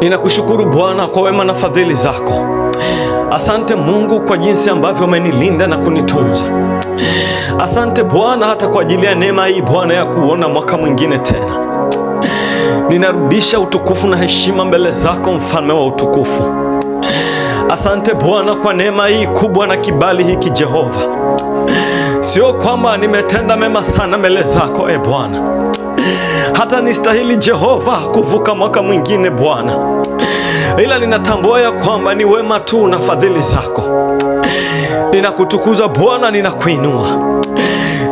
Ninakushukuru Bwana kwa wema na fadhili zako. Asante Mungu kwa jinsi ambavyo umenilinda na kunitunza. Asante Bwana hata kwa ajili ya neema hii Bwana ya kuona mwaka mwingine tena. Ninarudisha utukufu na heshima mbele zako, mfalme wa utukufu. Asante Bwana kwa neema hii kubwa na kibali hiki Jehova. Sio kwamba nimetenda mema sana mbele zako, e Bwana, hata nistahili Jehova kuvuka mwaka mwingine Bwana, ila ninatambua ya kwamba ni wema tu na fadhili zako. Ninakutukuza Bwana, ninakuinua,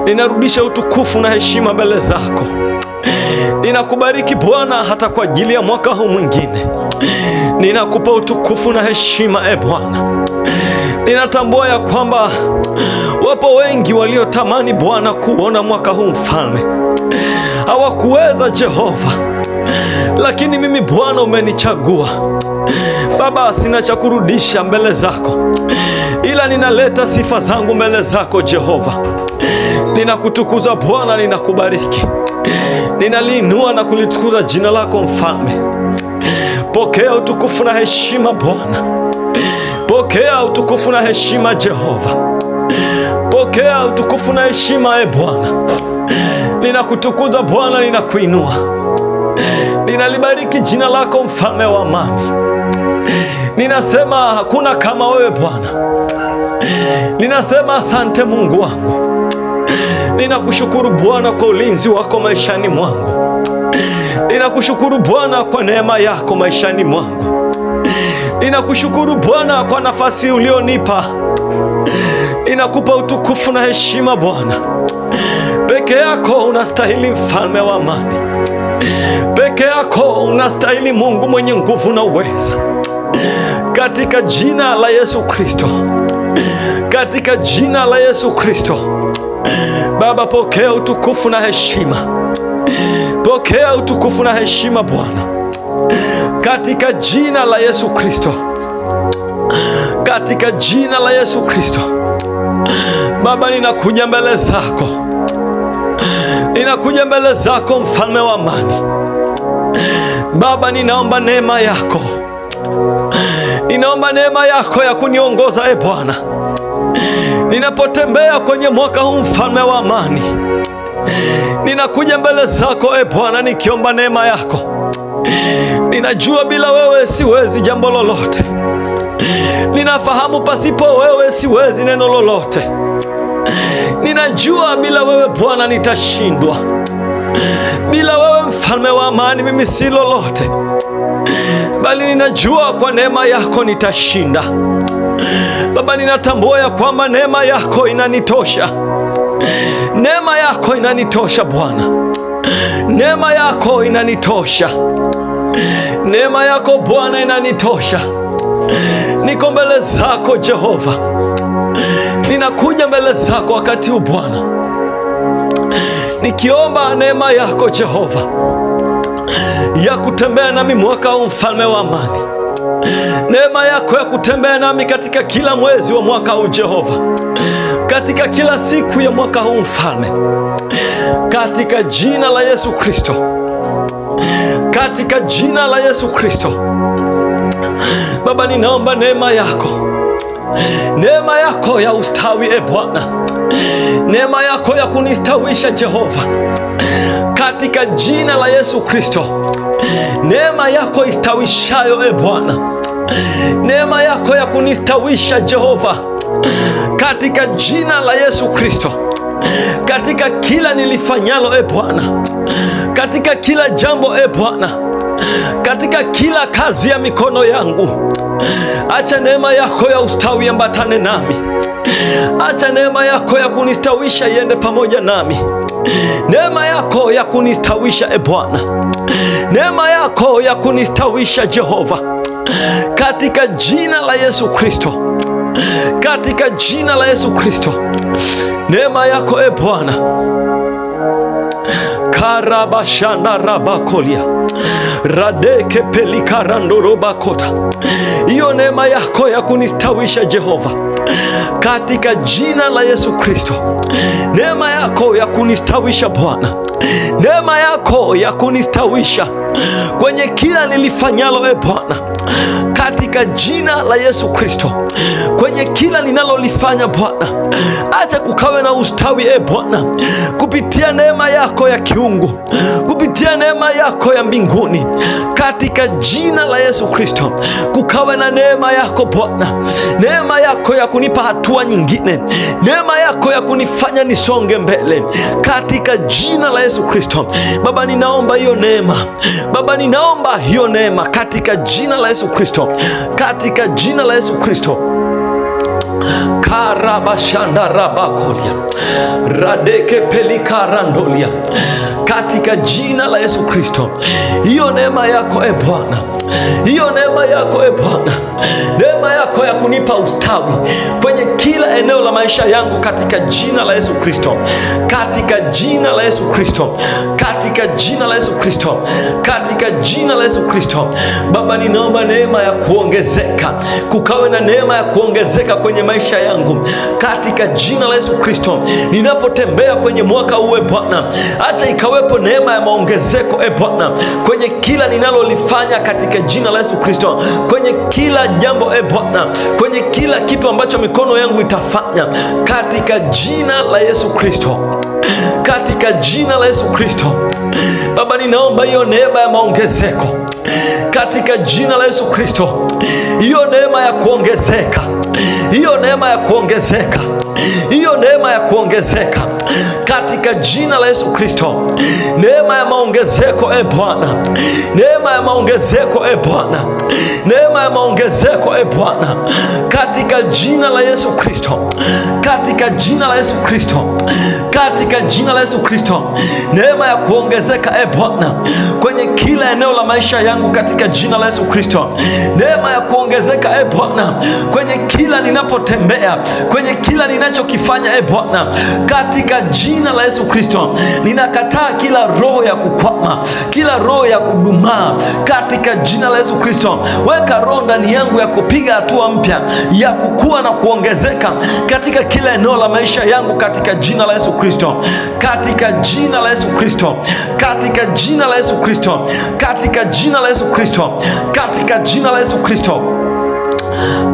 ninarudisha utukufu na heshima mbele zako. Ninakubariki Bwana hata kwa ajili ya mwaka huu mwingine. Ninakupa utukufu na heshima, e Bwana. Ninatambua ya kwamba wapo wengi waliotamani Bwana kuona mwaka huu mfalme, hawakuweza Jehova, lakini mimi Bwana umenichagua Baba, sina cha kurudisha mbele zako, ila ninaleta sifa zangu mbele zako Jehova. Ninakutukuza Bwana, ninakubariki, ninaliinua na kulitukuza jina lako Mfalme. Pokea utukufu na heshima Bwana. Pokea utukufu na heshima Jehova, pokea utukufu na heshima e Bwana. Ninakutukuza Bwana, ninakuinua, ninalibariki jina lako, mfalme wa amani. Ninasema hakuna kama wewe Bwana, ninasema asante Mungu wangu. Ninakushukuru Bwana kwa ulinzi wako maishani mwangu, ninakushukuru Bwana kwa neema yako maishani mwangu Ninakushukuru Bwana kwa nafasi ulionipa, ninakupa utukufu na heshima Bwana. Peke yako unastahili, mfalme wa amani. Peke yako unastahili, Mungu mwenye nguvu na uweza, katika jina la Yesu Kristo, katika jina la Yesu Kristo. Baba, pokea utukufu na heshima, pokea utukufu na heshima Bwana katika jina la Yesu Kristo, katika jina la Yesu Kristo. Baba, ninakuja mbele zako, ninakuja mbele zako, mfalme wa amani. Baba, ninaomba neema yako, ninaomba neema yako ya kuniongoza e Bwana, ninapotembea kwenye mwaka huu, mfalme wa amani, ninakuja mbele zako e Bwana, nikiomba neema yako Ninajua bila wewe siwezi jambo lolote, ninafahamu pasipo wewe siwezi neno lolote. Ninajua bila wewe Bwana nitashindwa, bila wewe mfalme wa amani mimi si lolote, bali ninajua kwa neema yako nitashinda. Baba, ninatambua ya kwamba neema yako inanitosha, neema yako inanitosha Bwana. Neema yako inanitosha, neema yako Bwana inanitosha. Niko mbele zako Jehova, ninakuja mbele zako wakati huu Bwana, nikiomba neema yako Jehova ya kutembea nami mwaka huu, mfalme wa amani, neema yako ya kutembea nami katika kila mwezi wa mwaka huu Jehova, katika kila siku ya mwaka huu mfalme katika jina la Yesu Kristo, katika jina la Yesu Kristo. Baba, ninaomba neema yako, neema yako ya ustawi, e Bwana, neema yako ya kunistawisha Jehova, katika jina la Yesu Kristo, neema yako istawishayo, e Bwana, neema yako ya kunistawisha Jehova, katika jina la Yesu Kristo katika kila nilifanyalo, e Bwana, katika kila jambo, e Bwana, katika kila kazi ya mikono yangu. Acha neema yako ya ustawi ambatane nami, acha neema yako ya kunistawisha iende pamoja nami, neema yako ya kunistawisha e Bwana, neema yako ya kunistawisha Jehova, katika jina la Yesu Kristo, katika jina la Yesu Kristo neema yako e Bwana karabashana rabakolia radeke pelikarandorobakota, hiyo neema yako ya kunistawisha Jehova katika jina la Yesu Kristo. Neema yako ya kunistawisha Bwana, neema yako ya kunistawisha kwenye kila nilifanyalo, e Bwana, katika jina la Yesu Kristo, kwenye kila ninalolifanya Bwana, acha kukawe na ustawi e Bwana, kupitia neema yako ya kiungu, kupitia neema yako ya mbinguni, katika jina la Yesu Kristo, kukawe na neema yako Bwana, neema yako ya kunipa hatua nyingine, neema yako ya kunifanya nisonge mbele, katika jina la Yesu Kristo. Baba, ninaomba hiyo neema. Baba, ninaomba hiyo neema katika jina la Yesu Kristo, katika jina la Yesu Kristo karabashanda rabakolia radeke pelikarandolia katika jina la Yesu Kristo, hiyo neema yako e Bwana, hiyo neema yako e Bwana, neema yako ya kunipa ustawi kwenye kila eneo la maisha yangu katika jina la Yesu Kristo, katika jina la Yesu Kristo, katika jina la Yesu Kristo, katika jina la Yesu Kristo. Baba, ninaomba neema ya kuongezeka, kukawe na neema ya kuongezeka kwenye maisha yangu Mungu, katika jina la Yesu Kristo. Ninapotembea kwenye mwaka uwe e Bwana, acha ikawepo neema ya maongezeko e Bwana, kwenye kila ninalolifanya katika jina la Yesu Kristo, kwenye kila jambo e Bwana, kwenye kila kitu ambacho mikono yangu itafanya katika jina la Yesu Kristo, katika jina la Yesu Kristo. Baba, ninaomba hiyo neema ya maongezeko katika jina la Yesu Kristo. Hiyo neema ya kuongezeka, hiyo neema ya kuongezeka, hiyo neema ya kuongezeka katika jina la Yesu Kristo. Neema ya maongezeko e Bwana, neema ya maongezeko e Bwana, neema ya maongezeko e Bwana, katika jina la Yesu Kristo, katika jina la Yesu Kristo, katika jina la Yesu Kristo, neema ya kuongezeka e Bwana kwenye kila eneo la maisha yangu katika jina la Yesu Kristo, neema ya kuongezeka e Bwana kwenye kila ninapotembea, kwenye kila ninachokifanya e Bwana katika katika jina la Yesu Kristo ninakataa kila roho ya kukwama, kila roho ya kudumaa katika jina la Yesu Kristo. Weka roho ndani yangu ya kupiga hatua mpya ya kukua na kuongezeka katika kila eneo la maisha yangu katika jina la Yesu Kristo, katika jina la Yesu Kristo, katika jina la Yesu Kristo, katika jina la Yesu Kristo, katika jina la Yesu Kristo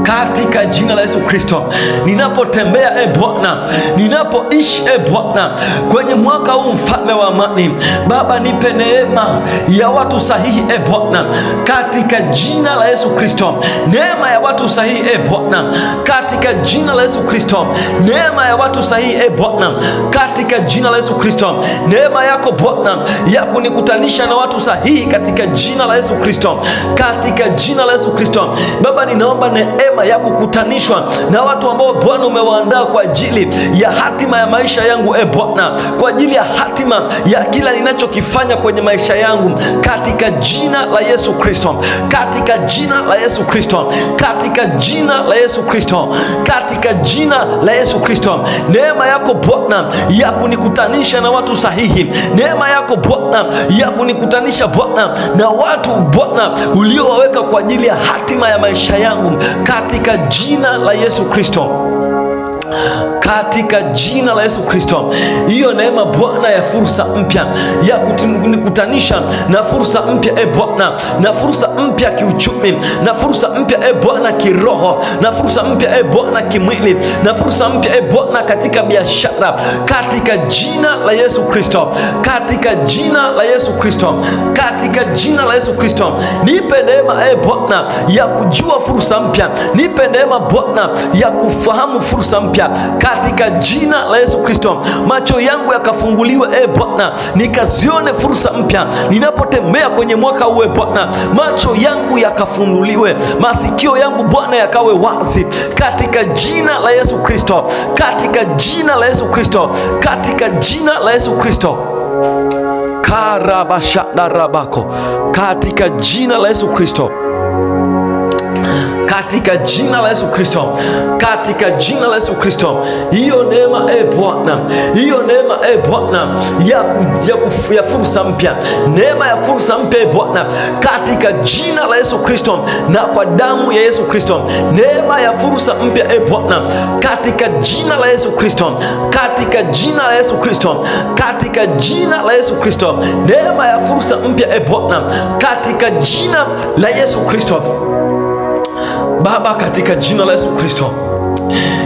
katika jina la Yesu Kristo. Ninapotembea e Bwana, ninapoishi e Bwana, kwenye mwaka huu, mfalme wa amani, Baba nipe neema ya watu sahihi e Bwana, katika jina la Yesu Kristo. Neema ya watu sahihi e Bwana, katika jina la Yesu Kristo. Neema ya watu sahihi e Bwana, katika jina la Yesu Kristo. Neema yako Bwana ya kunikutanisha na watu sahihi katika jina la Yesu Kristo, katika jina la Yesu Kristo. Baba ninaomba neema ya kukutanishwa na watu ambao Bwana umewaandaa kwa ajili ya hatima ya maisha yangu, e Bwana, kwa ajili ya hatima ya kila ninachokifanya kwenye maisha yangu, katika jina la Yesu Kristo, katika jina la Yesu Kristo, katika jina la Yesu Kristo, katika jina la Yesu Kristo. Neema yako Bwana ya kunikutanisha na watu sahihi, neema yako Bwana ya kunikutanisha Bwana na watu Bwana uliowaweka kwa ajili ya hatima ya maisha yangu katika jina la Yesu Kristo katika jina la Yesu Kristo. Hiyo neema Bwana ya fursa mpya ya kunikutanisha na fursa mpya e Bwana, na fursa mpya kiuchumi, na fursa mpya e Bwana kiroho, na fursa mpya e Bwana kimwili, na fursa mpya e Bwana katika biashara, katika jina la Yesu Kristo, katika jina la Yesu Kristo, katika jina la Yesu Kristo. Nipe neema e Bwana ya kujua fursa mpya, nipe neema Bwana ya kufahamu fursa mpya maisha katika jina la Yesu Kristo. Macho yangu yakafunguliwe, e Bwana, nikazione fursa mpya ninapotembea kwenye mwaka uwe eh, Bwana, macho yangu yakafunguliwe, masikio yangu Bwana yakawe wazi katika jina la Yesu Kristo, katika jina la Yesu Kristo, katika jina la Yesu Kristo karabashadarabako katika jina la Yesu Kristo katika jina la Yesu Kristo, katika jina la Yesu Kristo. Hiyo neema e Bwana, hiyo neema e Bwana ya, ya, ya fursa mpya, neema ya fursa mpya e Bwana, katika jina la Yesu Kristo na kwa damu ya Yesu Kristo, neema ya fursa mpya e Bwana, katika jina la Yesu Kristo, katika jina la Yesu Kristo, katika jina la Yesu Kristo, neema ya fursa mpya e Bwana, katika jina la Yesu Kristo. Baba, katika jina la Yesu Kristo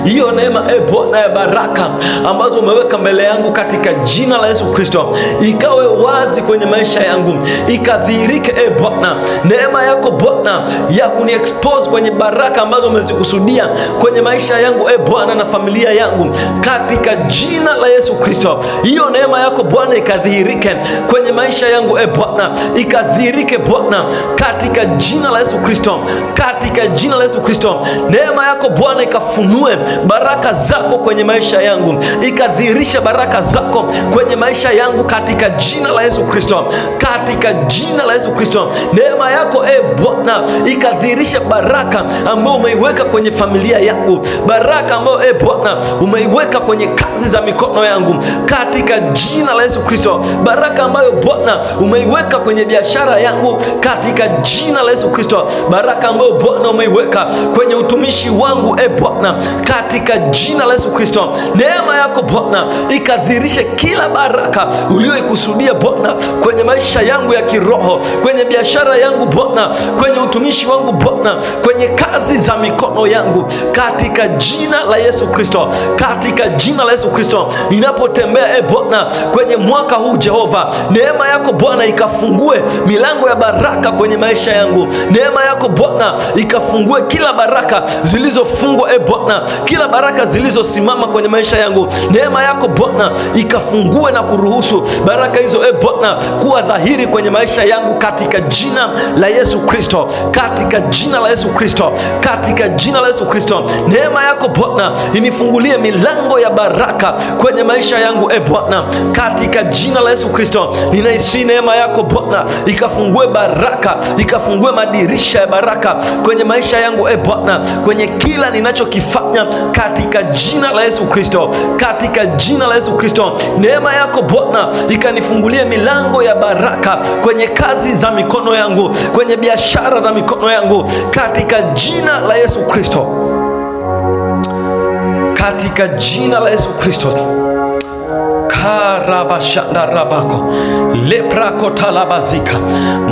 hiyo neema e Bwana ya baraka ambazo umeweka mbele yangu katika jina la Yesu Kristo ikawe wazi kwenye maisha yangu, ikadhihirike e Bwana, neema yako Bwana ya kuni expose kwenye baraka ambazo umezikusudia kwenye maisha yangu e Bwana na familia yangu katika jina la Yesu Kristo. Hiyo neema yako Bwana ikadhihirike kwenye maisha yangu e Bwana, ikadhihirike Bwana katika jina la Yesu Kristo, katika jina la Yesu Kristo, neema yako Bwana ikafu ikanue baraka zako kwenye maisha yangu, ikadhihirisha baraka zako kwenye maisha yangu katika jina la Yesu Kristo, katika jina la Yesu Kristo. Neema yako e Bwana ikadhihirisha baraka ambayo umeiweka kwenye familia yangu, baraka ambayo e Bwana umeiweka kwenye kazi za mikono yangu katika jina la Yesu Kristo, baraka ambayo Bwana umeiweka kwenye biashara yangu katika jina la Yesu Kristo, baraka ambayo Bwana umeiweka kwenye utumishi wangu e Bwana katika jina la Yesu Kristo. Neema yako Bwana ikadhirishe kila baraka uliyoikusudia Bwana kwenye maisha yangu ya kiroho, kwenye biashara yangu Bwana, kwenye utumishi wangu Bwana, kwenye kazi za mikono yangu, katika jina la Yesu Kristo, katika jina la Yesu Kristo. Ninapotembea e Bwana kwenye mwaka huu Jehova, neema yako Bwana ikafungue milango ya baraka kwenye maisha yangu, neema yako Bwana ikafungue kila baraka zilizofungwa e Bwana Bwana, kila baraka zilizosimama kwenye maisha yangu, neema yako Bwana ikafungue na kuruhusu baraka hizo e Bwana kuwa dhahiri kwenye maisha yangu katika jina la Yesu Kristo, katika jina la Yesu Kristo, katika jina la Yesu Kristo. Neema yako Bwana inifungulie milango ya baraka kwenye maisha yangu e Bwana, katika jina la Yesu Kristo. Ninaisi neema yako Bwana ikafungue baraka, ikafungue madirisha ya baraka kwenye maisha yangu e Bwana, kwenye kila ninachokifanya kufanya katika jina la Yesu Kristo, katika jina la Yesu Kristo. Neema yako Bwana ikanifungulie milango ya baraka kwenye kazi za mikono yangu, kwenye biashara za mikono yangu, katika jina la Yesu Kristo, katika jina la Yesu Kristo karabashandarabako leprakotalabazika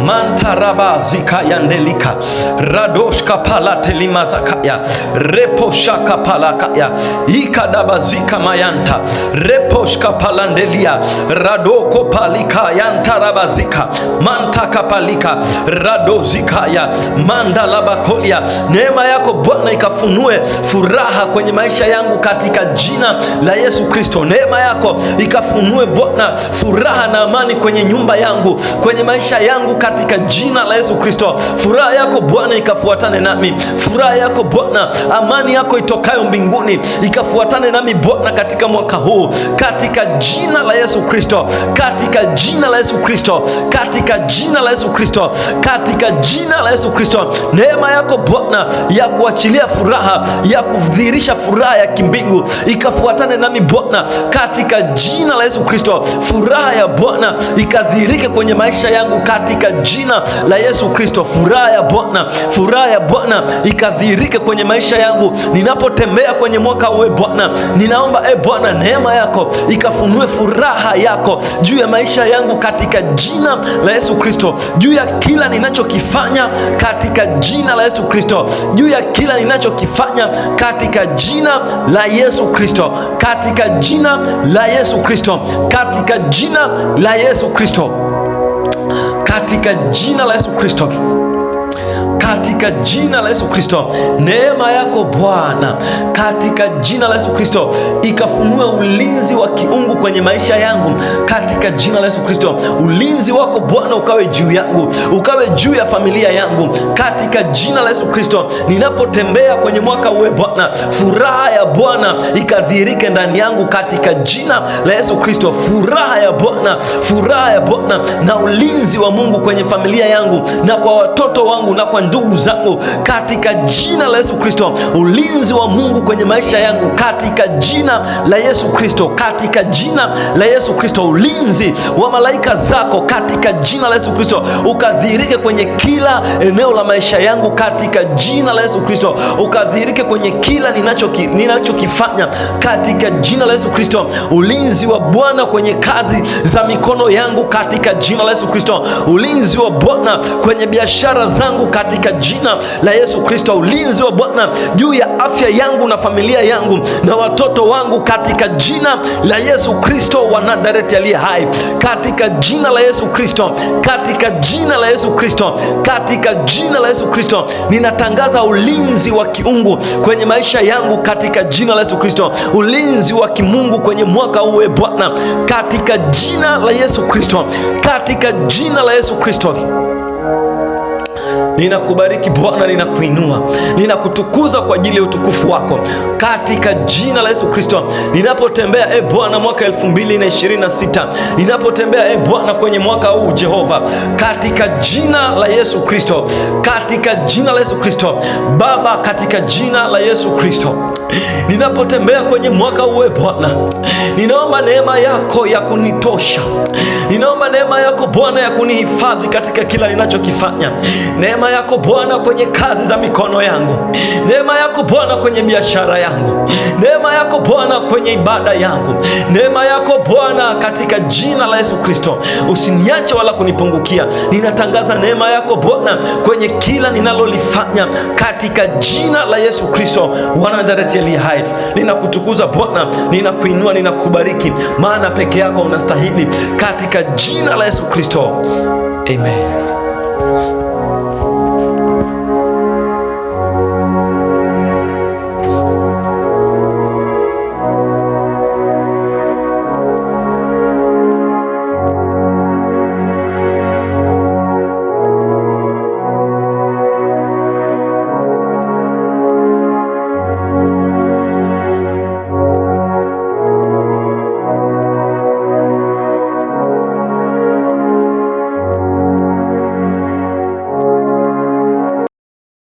mantarabazika yandelika radoshka palatelimazakaya reposhaka palakaya ikadabazika mayanta reposhka palandelia radoko palika yantarabazika mantakapalika radozikaya mandalabakolia. Neema yako Bwana ikafunue furaha kwenye maisha yangu katika jina la Yesu Kristo. Neema yako ikafunue Bwana furaha na amani kwenye nyumba yangu, kwenye maisha yangu, katika jina la Yesu Kristo. Furaha yako Bwana ikafuatane nami, furaha yako Bwana, amani yako itokayo mbinguni ikafuatane nami Bwana katika mwaka huu, katika jina la Yesu Kristo, katika jina la Yesu Kristo, katika jina la Yesu Kristo, katika jina la Yesu Kristo. Neema yako Bwana ya kuachilia furaha, ya kudhihirisha furaha ya kimbingu ikafuatane nami Bwana katika jina jina la Yesu Kristo, furaha ya Bwana ikadhihirike kwenye maisha yangu katika jina la Yesu Kristo. Furaha ya Bwana, furaha ya Bwana ikadhirike kwenye maisha yangu ninapotembea kwenye mwaka uwe Bwana, ninaomba e Bwana, neema yako ikafunue furaha yako juu ya maisha yangu katika jina la Yesu Kristo, juu ya kila ninachokifanya katika jina la Yesu Kristo, juu ya kila ninachokifanya katika jina la Yesu Kristo, katika jina la Yesu Kristo, katika jina la Yesu Kristo, katika jina la Yesu Kristo katika jina la Yesu Kristo. Neema yako Bwana, katika jina la Yesu Kristo, ikafunue ulinzi wa kiungu kwenye maisha yangu, katika jina la Yesu Kristo. Ulinzi wako Bwana ukawe juu yangu, ukawe juu ya familia yangu, katika jina la Yesu Kristo. Ninapotembea kwenye mwaka uwe ee Bwana, furaha ya Bwana ikadhihirike ndani yangu, katika jina la Yesu Kristo. Furaha ya Bwana, furaha ya Bwana na ulinzi wa Mungu kwenye familia yangu na kwa watoto wangu na kwa ndugu zangu, katika jina la Yesu Kristo. Ulinzi wa Mungu kwenye maisha yangu, katika jina la Yesu Kristo, katika jina la Yesu Kristo. Ulinzi wa malaika zako, katika jina la Yesu Kristo, ukadhirike kwenye kila eneo la maisha yangu, katika jina la Yesu Kristo, ukadhirike kwenye kila ninachokifanya, katika jina la Yesu Kristo. Ulinzi wa Bwana kwenye kazi za mikono yangu, katika jina la Yesu Kristo. Ulinzi wa Bwana kwenye biashara zangu, katika katika jina la Yesu Kristo. Ulinzi wa Bwana juu ya afya yangu na familia yangu na watoto wangu katika jina la Yesu Kristo wa Nazareti aliye hai, katika jina la Yesu Kristo, katika jina la Yesu Kristo, katika jina la Yesu Kristo. Ninatangaza ulinzi wa kiungu kwenye maisha yangu katika jina la Yesu Kristo, ulinzi wa kimungu kwenye mwaka uwe Bwana, katika jina la Yesu Kristo, katika jina la Yesu Kristo. Ninakubariki Bwana, ninakuinua, ninakutukuza kwa ajili ya utukufu wako katika jina la Yesu Kristo. Ninapotembea e Bwana mwaka 2026 ninapotembea e Bwana kwenye mwaka huu Jehova, katika jina la Yesu Kristo, katika jina la Yesu Kristo Baba, katika jina la Yesu Kristo ninapotembea kwenye mwaka huu e Bwana, ninaomba neema yako ya kunitosha, ninaomba neema yako Bwana ya kunihifadhi katika kila ninachokifanya neema Neema yako Bwana kwenye kazi za mikono yangu, neema yako Bwana kwenye biashara yangu, neema yako Bwana kwenye ibada yangu, neema yako Bwana katika jina la Yesu Kristo, usiniache wala kunipungukia. Ninatangaza neema yako Bwana kwenye kila ninalolifanya katika jina la Yesu Kristo wanadaretia hai. Ninakutukuza Bwana, ninakuinua, ninakubariki, maana peke yako unastahili, katika jina la Yesu Kristo, amen.